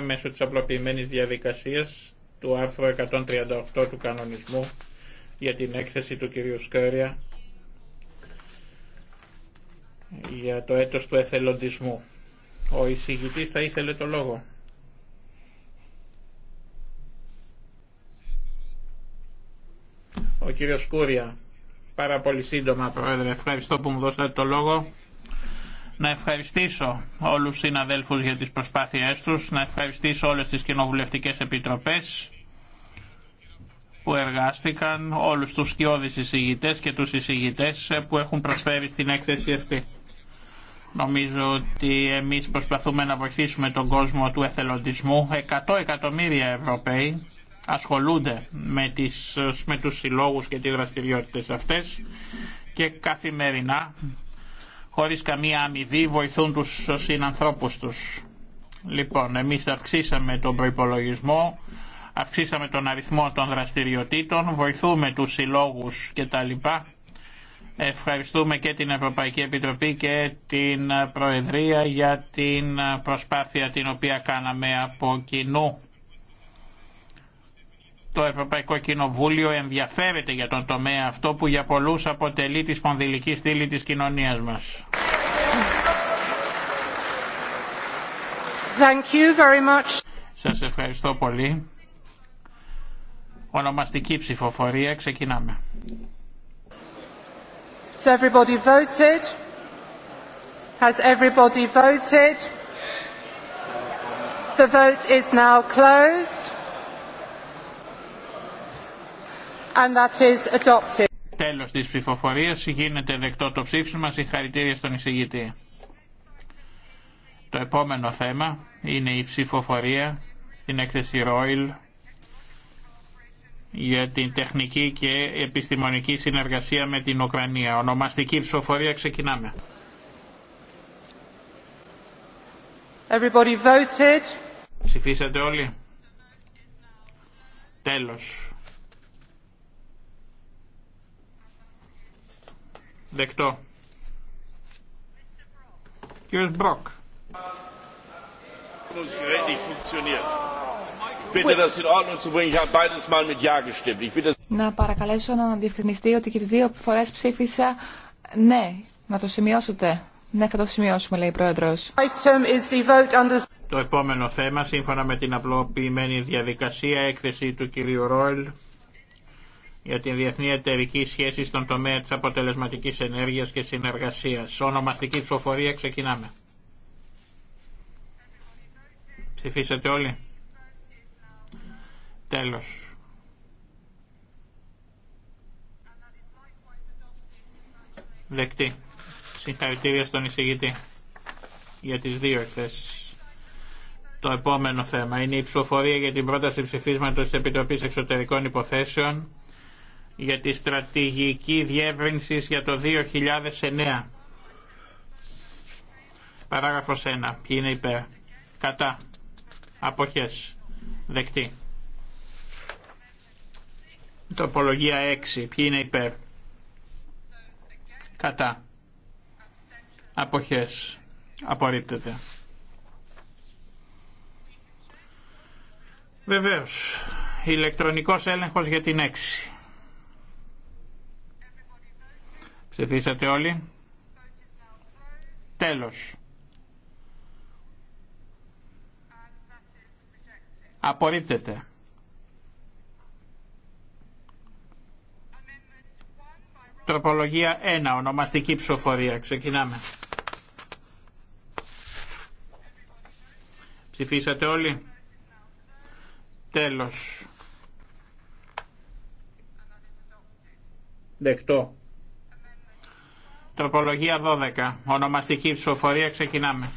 μέσω της απλοποιημένης διαδικασίας του άρθρου 138 του κανονισμού για την έκθεση του κυρίου Σκέρια για το έτος του εθελοντισμού. Ο εισηγητής θα ήθελε το λόγο. Ο κύριος Σκούρια. Πάρα πολύ σύντομα, Πρόεδρε. Ευχαριστώ που μου δώσατε το λόγο. Να ευχαριστήσω όλους τους συναδέλφους για τις προσπάθειές τους, να ευχαριστήσω όλες τις κοινοβουλευτικές επιτροπές που εργάστηκαν, όλους τους σκιώδεις εισηγητές και τους εισηγητές που έχουν προσφέρει στην έκθεση αυτή. Νομίζω ότι εμείς προσπαθούμε να βοηθήσουμε τον κόσμο του εθελοντισμού. Εκατό εκατομμύρια Ευρωπαίοι ασχολούνται με, τις, με τους συλλόγους και τις δραστηριότητες αυτές και καθημερινά χωρίς καμία αμοιβή βοηθούν τους συνανθρώπους τους. Λοιπόν, εμείς αυξήσαμε τον προϋπολογισμό, αυξήσαμε τον αριθμό των δραστηριοτήτων, βοηθούμε τους συλλόγους κτλ. Ευχαριστούμε και την Ευρωπαϊκή Επιτροπή και την Προεδρία για την προσπάθεια την οποία κάναμε από κοινού το Ευρωπαϊκό Κοινοβούλιο ενδιαφέρεται για τον τομέα αυτό που για πολλούς αποτελεί τη σπονδυλική στήλη της κοινωνίας μας. Thank Σας ευχαριστώ πολύ. Ονομαστική ψηφοφορία. Ξεκινάμε. Has everybody voted? Has everybody voted? The vote is now closed. And that is adopted. Τέλος της ψηφοφορίας γίνεται δεκτό το ψήφισμα. Συγχαρητήρια στον εισηγητή. Το επόμενο θέμα είναι η ψηφοφορία στην έκθεση Royal για την τεχνική και επιστημονική συνεργασία με την Ουκρανία. Ονομαστική ψηφοφορία ξεκινάμε. Everybody voted. Ψηφίσατε όλοι. Τέλος. Να παρακαλέσω να διευκρινιστεί ότι και τις δύο φορές ψήφισα ναι, να το σημειώσετε. Ναι, θα το σημειώσουμε, λέει η Πρόεδρος. Το επόμενο θέμα, σύμφωνα με την απλοποιημένη διαδικασία, έκθεση του κυρίου Ρόιλ, για την διεθνή εταιρική σχέση στον τομέα της αποτελεσματικής ενέργειας και συνεργασίας. Ονομαστική ψηφοφορία ξεκινάμε. Ψηφίσατε όλοι. Τέλος. Δεκτή. Συγχαρητήρια στον εισηγητή για τις δύο εκθέσεις. Το επόμενο θέμα είναι η ψηφοφορία για την πρόταση ψηφίσματος της Επιτροπής Εξωτερικών Υποθέσεων για τη στρατηγική διεύρυνση για το 2009. Παράγραφος 1. Ποιοι είναι υπέρ. Κατά. Αποχές. Δεκτή. Τοπολογία 6. Ποιοι είναι υπέρ. Κατά. Αποχές. Απορρίπτεται. Βεβαίως. Ηλεκτρονικός έλεγχος για την 6. Ψηφίσατε όλοι. Τέλος. Απορρίπτεται. Τροπολογία 1. Ονομαστική ψηφοφορία. Ξεκινάμε. Ψηφίσατε όλοι. Τέλος. Δεκτό. Τροπολογία 12. Ονομαστική ψηφοφορία. Ξεκινάμε.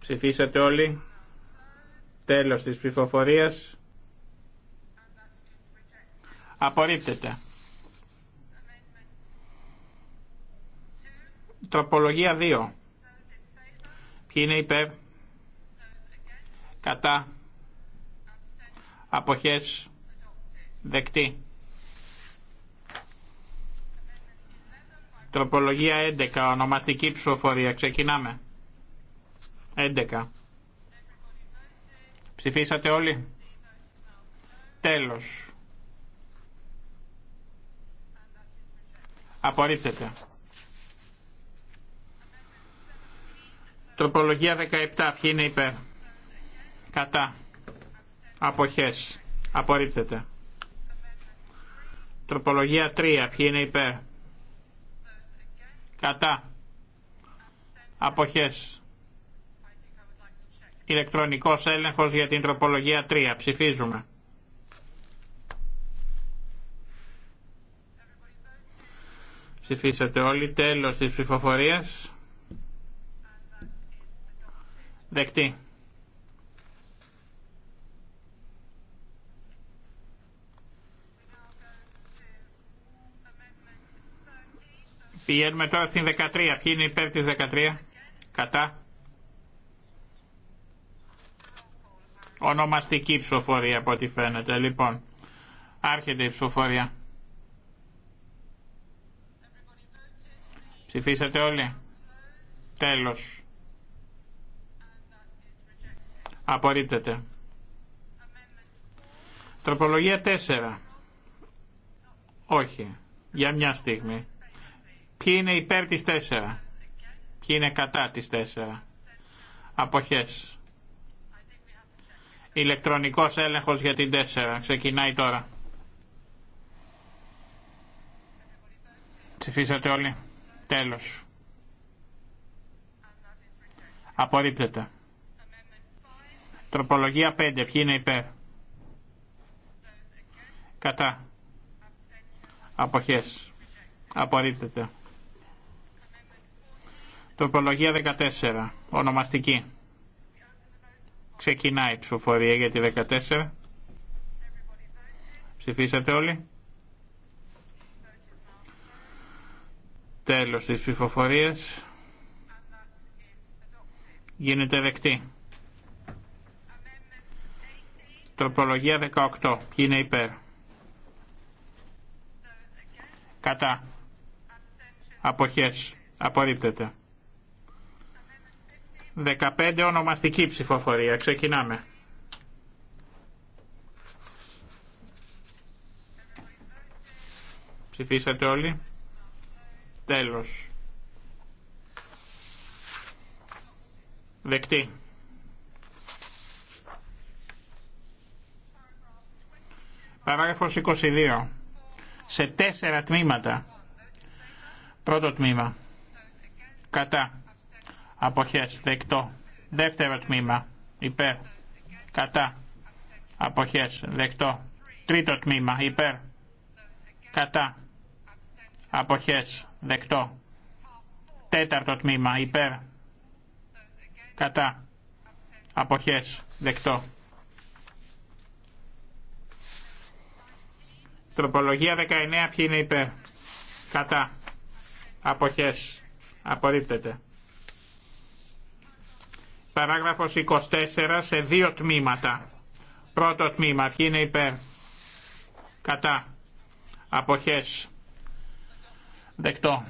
Ψηφίσατε όλοι. Τέλος της ψηφοφορίας. Απορρίπτεται. Τροπολογία 2. Ποιοι είναι υπέρ. Κατά. Αποχές. Δεκτή. Τροπολογία 11, ονομαστική ψηφοφορία. Ξεκινάμε. 11. Ψηφίσατε όλοι. Τέλος. Απορρίπτεται. Τροπολογία 17. Ποιοι είναι υπέρ. Κατά. Αποχές. Απορρίπτεται. Τροπολογία 3. Ποιοι είναι υπέρ Κατά. Αποχές. Ηλεκτρονικός έλεγχος για την τροπολογία 3. Ψηφίζουμε. Ψηφίσατε όλοι. Τέλος της ψηφοφορίας. Δεκτή. Πηγαίνουμε τώρα στην 13. Ποιοι είναι υπέρ της 13. Κατά. Ονομαστική ψηφοφορία από ό,τι φαίνεται. Λοιπόν, άρχεται η ψηφοφορία. Ψηφίσατε όλοι. Τέλος. Απορρίπτεται. Τροπολογία 4. Όχι. Για μια στιγμή. Ποιοι είναι υπέρ της 4. Ποιοι είναι κατά της 4. Αποχές. Ηλεκτρονικός έλεγχος για την 4. Ξεκινάει τώρα. Ψηφίσατε όλοι. Τέλος. Απορρίπτεται. Τροπολογία 5. Ποιοι είναι υπέρ. Κατά. Αποχές. Απορρίπτεται. Τροπολογία 14. Ονομαστική. Ξεκινάει η ψηφοφορία για τη 14. Ψηφίσατε όλοι. Τέλος της ψηφοφορίας. Γίνεται δεκτή. Τροπολογία 18. Ποιοι είναι υπέρ. Κατά. Αποχές. Απορρίπτεται. 15 ονομαστική ψηφοφορία. Ξεκινάμε. Ψηφίσατε όλοι. Τέλος. Δεκτή. Παράγραφος 22. Σε τέσσερα τμήματα. Πρώτο τμήμα. Κατά. Αποχές. Δεκτό. Δεύτερο τμήμα. Υπέρ. Κατά. Αποχές. Δεκτό. Τρίτο τμήμα. Υπέρ. Κατά. Αποχές. Δεκτό. Τέταρτο τμήμα. Υπέρ. Κατά. Αποχές. Δεκτό. Τροπολογία 19. Ποιοι είναι υπέρ. Κατά. Αποχές. Απορρίπτεται. Παράγραφος 24 σε δύο τμήματα. Πρώτο τμήμα, ποιοι είναι υπέρ, κατά, αποχές, δεκτό.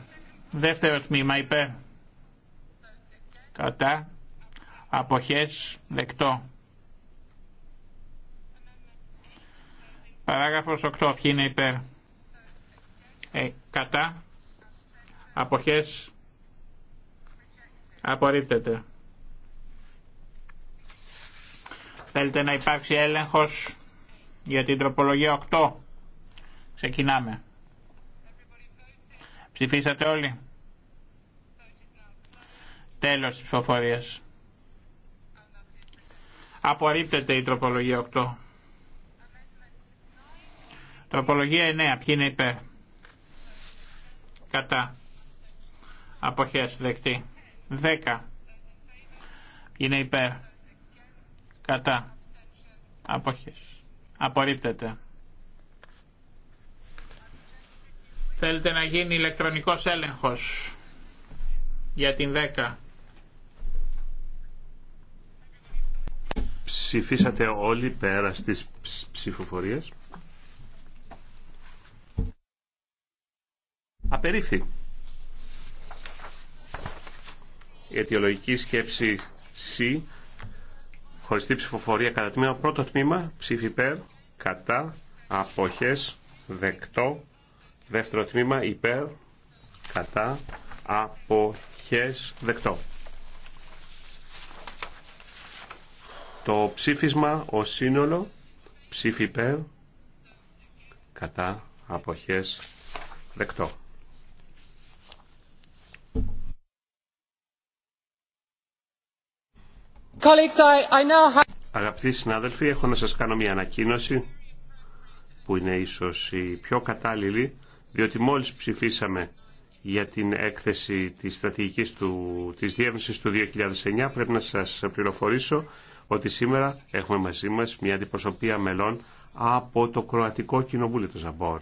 Δεύτερο τμήμα, υπέρ, κατά, αποχές, δεκτό. Παράγραφος 8, ποιοι είναι υπέρ, ε, κατά, αποχές, απορρίπτεται. Θέλετε να υπάρξει έλεγχος για την τροπολογία 8. Ξεκινάμε. Ψηφίσατε όλοι. Τέλος της ψηφοφορίας. Απορρίπτεται η τροπολογία 8. Τροπολογία 9. Ποιοι είναι υπέρ. Κατά. Αποχές δεκτή. 10. Είναι υπέρ Κατά. Αποχές. Απορρίπτεται. Θέλετε να γίνει ηλεκτρονικός έλεγχος για την 10. Ψηφίσατε όλοι πέρα στις ψηφοφορίες. Απερίφθη. Η αιτιολογική σκέψη C Χωριστή ψηφοφορία κατά τμήμα. Πρώτο τμήμα, ψήφι κατά, αποχές, δεκτό. Δεύτερο τμήμα, υπέρ, κατά, αποχές, δεκτό. Το ψήφισμα, ο σύνολο, ψήφι κατά, αποχές, δεκτό. Αγαπητοί συνάδελφοι, έχω να σας κάνω μια ανακοίνωση που είναι ίσως η πιο κατάλληλη, διότι μόλις ψηφίσαμε για την έκθεση της στρατηγικής του, της διεύνησης του 2009, πρέπει να σας πληροφορήσω ότι σήμερα έχουμε μαζί μας μια αντιπροσωπεία μελών από το Κροατικό Κοινοβούλιο του Ζαμπόρ.